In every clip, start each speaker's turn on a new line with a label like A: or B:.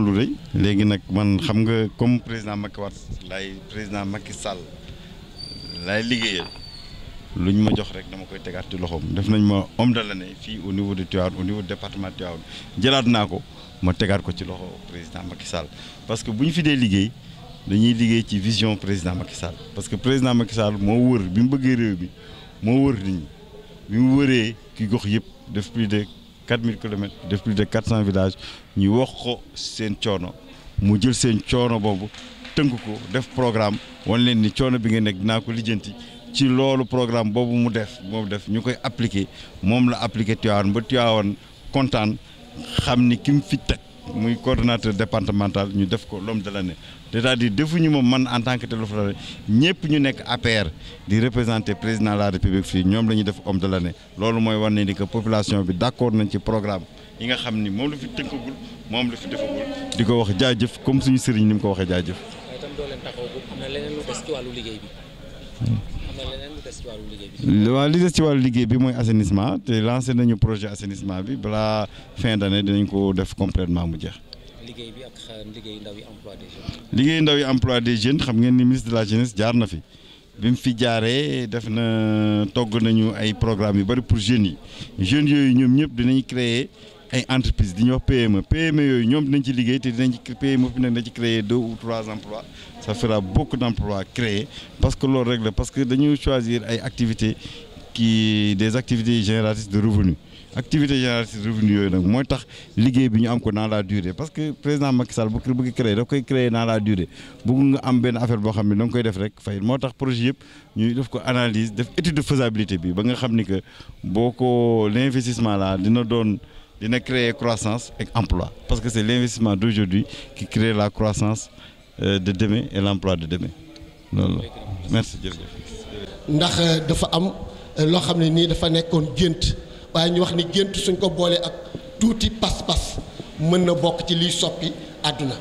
A: lu rëy léegi nag man xam nga comme président Macky Wade laay président Macky Sall laay liggéeyal lu ñu ma jox rek dama koy tegaat ci loxoom def nañ ma homme de l'année fii au niveau de Tivaouane au niveau du département Tivaouane jëlaat naa ko ma tegaat ko ci loxo président Macky Sall parce que bu ñu fi dee liggéey dañuy liggéey ci vision président Macky Sall parce que président Macky Sall moo wër bi mu bëggee réew mi moo wër nit ñi bi mu wëree ki gox yëpp def plus de 4000 kilomètres de plus de 400 villages ñuy wax ko seen coono mu jël seen coono boobu tënk ko def programme wan leen ni coono bi nga nekk naa ko lijjanti ci loolu programme boobu mu def moom def ñu koy appliqué moom la appliqué Tivaouane ba Tivaouane kontaan xam ni ki mu fi teg. muy coordonnateur départemental ñu def ko lom de l'année c'est-à-dire defuñu ma man en tant que tel ñëpp ñu nekk APR di représenter président la république fii ñoom la ñuy def homme de l'année loolu mooy wane ni que population bi d'accord nañ ci programme yi nga xam ni moom la fi tënkagul moom la fi defagul di ko wax jaajëf comme suñu sëriñ ni mu ko waxee jaajëf. jëf itam doo waa li des ci wàllu liggéey bi mooy assainissement te lancé nañu projet assainissement bi balaa fin ne dinañ ko def complètement mu jeex. liggéey ndaw yi emploi des jeunes. xam ngeen ni ministre de la jeunesse jaar na fi bi mu fi jaaree def na togg nañu ay programmes yu bari pour jeunes yi jeunes yooyu ñoom ñëpp dinañ créer. ay entreprise di ñuy wax PME PME yooyu ñoom dinañ ci liggéey te dinañ ci PME bi nag dina ci créer deux ou trois emplois ça fera beaucoup d'emplois créés parce que loolu rek la parce que dañu choisir ay activités des activités génératrices de revenus activité génératrice de revenu yooyu nag mooy tax liggéey bi ñu am ko dans la durée parce que président Macky Sall bu bëgg créer daf koy créer dans la durée bëgg nga am benn affaire boo xam ne da koy def fay moo tax projet yëpp ñuy def ko analyse def étude de faisabilité bi ba nga xam ni que boo ko l'investissement là dina doon dina créer croissance et emploi parce que c'est l'investissement d'aujourd'hui qui crée la croissance euh, de deme et l'emploi de demain loolu la merci jërëjëf
B: ndax euh, dafa am euh, loo xam ne nii dafa nekkoon gént waaye ñu wax ni gént suñ ko boolee ak tuuti pas-pas mën na bokk ci liy soppi àdduna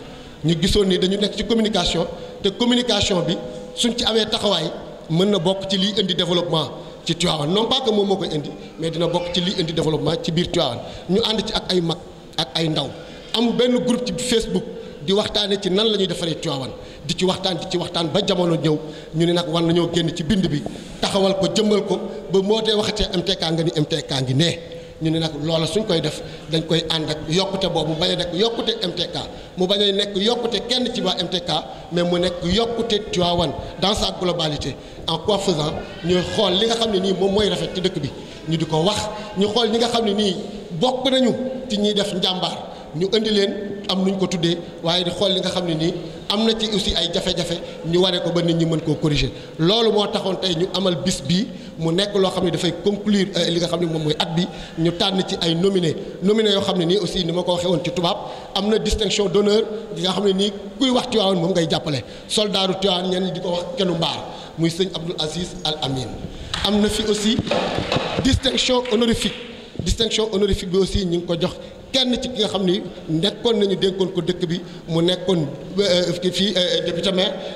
B: ñu gisoon nii dañu nekk ci communication te communication bi suñ ci amee taxawaay mën na bokk ci liy indi développement ci Tivaouane non pas que moom moo koy indi mais dina bokk ci lii indi développement ci biir Tivaouane ñu ànd ci ak ay mag ak ay ndaw am benn groupe ci Facebook di waxtaanee ci nan la ñuy defaree Tivaouane di ci waxtaan di ci waxtaan ba jamono ñëw ñu ne nag war nañoo génn ci bind bi taxawal ko jëmmal ko ba moo dee waxatee MTK nga ni MTK ngi nee. ñu ne nag loola suñ koy def dañ koy ànd ak yokkute boobu bañ a nekk yokkute MTK mu bañ a nekk yokkute kenn ci waa MTK mais mu nekk yokkute Tivaouane dans sa globalité en quoi ñu xool li nga xam ne nii moom mooy rafet ci dëkk bi ñu di ko wax ñu xool ñi nga xam ne nii bokk nañu ci ñiy def njàmbaar ñu indi leen am nuñ ko tuddee waaye xool li nga xam ne nii am na ci aussi ay jafe-jafe ñu waree ko ba nit ñi mën koo corriger loolu moo taxoon tey ñu amal bis bii mu nekk loo xam ne dafay conclure euh, li nga xam ne moom mooy at bi ñu tànn ci ay nominé nominé yoo xam ne nii aussi ni ma ko waxee woon ci tubaab am na distinction d'honneur yi nga xam ne nii kuy wax Tivaouane moom ngay jàppale soldaaru Tivaouane ñenn di ko wax kenu mbaar muy sëñ Abdoul Aziz Al Amin am na fi aussi distinction honorifique distinction honorifique bi aussi ñu ngi ko jox kenn ci ki nga xam ni nekkoon nañu dénkoon ko dëkk bi mu nekkoon euh, fii euh, député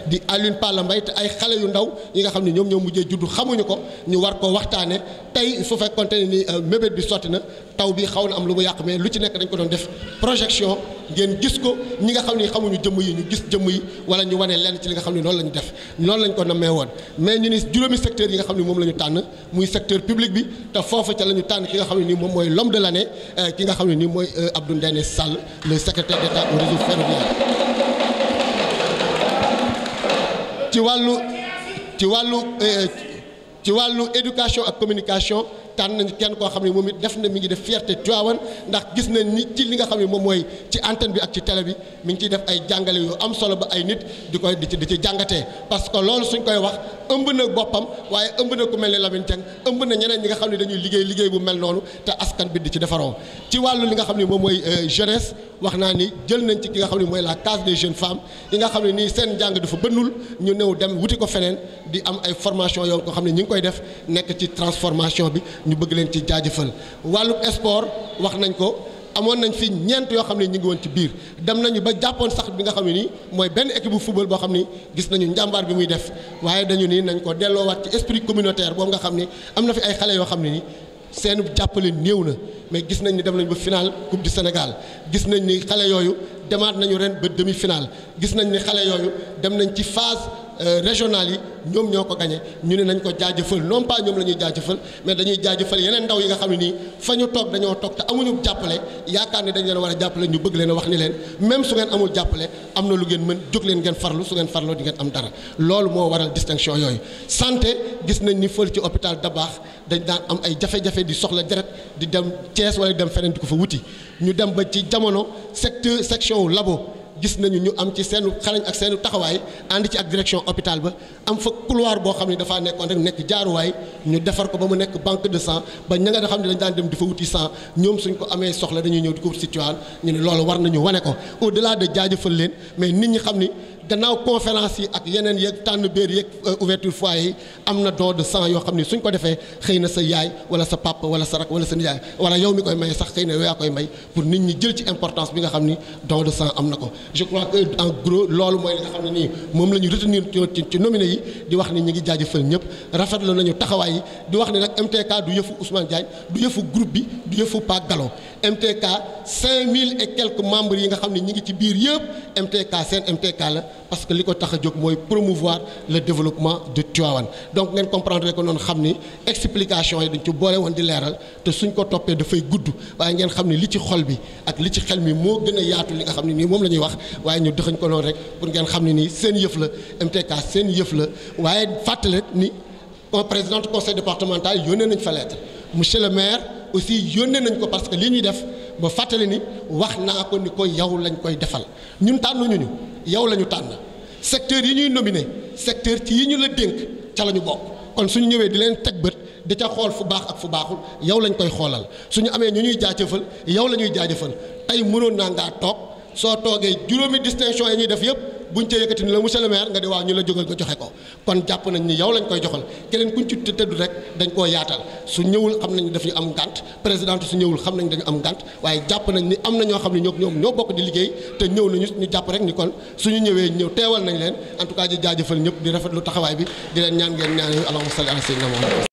B: di aline Palla Mbaye te ay xale yu ndaw yi nga xam ni ñoom ñoo mujjee juddu xamuñu ko ñu war ko waxtaane tey su fekkoon ne ni euh, mébét bi sotti na taw bi xaw na am lu mu yàq mais lu ci nekk dañ ko doon def projection ngeen gis ko ñi nga xam ne xamuñu jëmm yi ñu gis jëmm yi wala ñu wane lenn ci li nga xam ne noonu la ñu def noonu lañ ko namee woon mais ñu ni juróomi secteur yi nga xam ne moom lañu tànn muy secteur public bi te foofu ca la ñu tànn ki nga xam ne nii moom mooy l'homme de l'année euh, ki nga xam ne ni mooy euh, Abdou Ndéné Sall le secrétaire d'État au réseau ferroviaire ci wàllu ci wàllu euh, ci wàllu éducation ak communication tànn nañu kenn koo xam ne moom it def na mi ngi def fierté Tivaouane ndax gis nañ ni ci li nga xam ne moom mooy ci antenne bi ak ci tele bi mi ngi ciy def ay jàngale yu am solo ba ay nit di koy di ci di ci jàngatee parce que loolu suñ koy wax ëmb na boppam waaye ëmb na ku mel ni Lamine Dieng ëmb na ñeneen ñi nga xam ne dañuy liggéey liggéey bu mel noonu te askan bi di ci defaroo ci wàllu li nga xam ne moom mooy euh, jeunesse wax naa ni jël nañ ci ki nga xam ne mooy la case des jeune femmes yi nga xam ne nii seen njàng dafa bënnul ñu new dem wuti ko feneen di am ay formation yoo ko xam ne ñi ngi koy def nekk ci transformation bi ñu bëgg leen ci jaajëfal wàllu sport wax nañ ko amoon nañ fi ñeent yoo xam ne ñu ngi woon ci biir dem nañu ba jàppoon sax bi nga xam ne nii mooy benn équipe bu football boo xam ni gis nañu njàmbaar bi muy def waaye dañu ni nañ ko delloowaat ci esprit communautaire boobu nga xam ni am na fi ay xale yoo xam ne nii seen jàppale néew na mais gis nañ ni dem nañ ba final coupe du Sénégal gis nañ ni xale yooyu demaat nañu ren ba demi final gis nañ ni xale yooyu dem nañ ci phase. Euh, régional yi ñoom ñoo ko gañe ñu ne nañ ko jaajëfal non pas ñoom la ñuy jaajëfal mais dañuy jaajëfal yeneen ndaw yi nga xam ni nii fa ñu toog dañoo toog te amuñu jàppale yaakaar ne dañ leen war a jàppale ñu bëgg leen wax ni leen même su ngeen amul jàppale am na lu ngeen mën jóg leen ngeen farlu su ngeen farloo di ngeen am dara loolu moo waral distinction yooyu santé gis nañ ni fël ci hôpital Dabakh dañ daan am ay jafe-jafe di soxla deret di dem Thiès wala dem feneen di ko fa wuti ñu dem ba ci jamono secteur section labo gis nañu ñu am ci seen xarañ ak seen taxawaay ànd ci ak direction hôpital ba am fa couloir boo xam ne dafaa nekkoon rek nekk jaaruwaay ñu defar ko ba mu nekk banque de sang ba ña xam ne dañ daan dem di fa wuti sang ñoom suñ ko amee soxla dañuy ñëw di ko situé ñu ne loolu war nañu wane ko au delà de jaajëfal leen mais nit ñi xam ni gannaaw conférence yi ak yeneen yeeg tànn beer yeeg euh, ouverture fois yi am na don de sang yoo xam ni suñ ko defee xëy na sa yaay wala sa papa wala sa rak wala sa nijaay wala yow mi koy may sax xëy na yow koy may pour nit ñi jël ci importance bi nga xam ni don de sang am na ko je crois que en gros loolu mooy li nga xam ne nii moom la ñu retenir ci ci yi di wax ni ñu ngi jaajëfal ñëpp rafetlu nañu taxawaay yi di wax ne nag MTK du yëfu Ousmane Diagne du yëfu groupe bi du yëfu Pa Gallo MTK mille et quelques membres yi nga xam ne ñi ngi ci biir yëpp MTK seen MTK la parce que li ko tax a jóg mooy promouvoir le développement de Tivaouane donc ngeen comprendre ko noonu xam ni explication yi dañ ci boole woon di leeral te suñ ko toppee dafay gudd waaye ngeen xam ne li ci xol bi ak li ci xel mi moo gën a yaatu li nga xam ne nii moom la ñuy wax waaye ñu dëxañ ko noonu rek pour ngeen xam ne nii seen yëf la MTK seen yëf la waaye fàttali ni président du conseil départemental yónnee nañ fa lettre le maire. aussi yónnee nañ ko parce que li ñuy def ba fàttali ni wax naa ko ni ko yow lañ koy defal ñun tànnuñu ñu yow la ñu tànn secteur yi ñuy nominé secteur ci yi ñu la dénk ca la ñu bokk kon suñu ñëwee di leen teg bët di ca xool fu baax ak fu baaxul yow lañ koy xoolal su ñu amee ñu ñuy jaajëfal yow la ñuy jaajëfal tey mënoon naa ngaa toog soo toogee juróomi distinction yi ñuy def yëpp. buñ ca yëkkati ni la monsieur le maire nga di waaw ñu la jógal nga joxe ko kon jàpp nañ ni yow lañ koy joxal keneen kuñ ci tëddu rek dañ koo yaatal su ñëwul am nañu daf ñu am ngànt président su ñëwul xam nañ dañu am ngànt waaye jàpp nañ ni am na ñoo xam ne ñoo ñoom ñoo bokk di liggéey te ñëw nañu ñu jàpp rek ni kon ñu ñëwee ñëw teewal nañ leen en tout cas di jaajëfal ñëpp di rafetlu taxawaay bi di leen ñaan ngeen ñaan allahumma salli ala sayyidina muhammad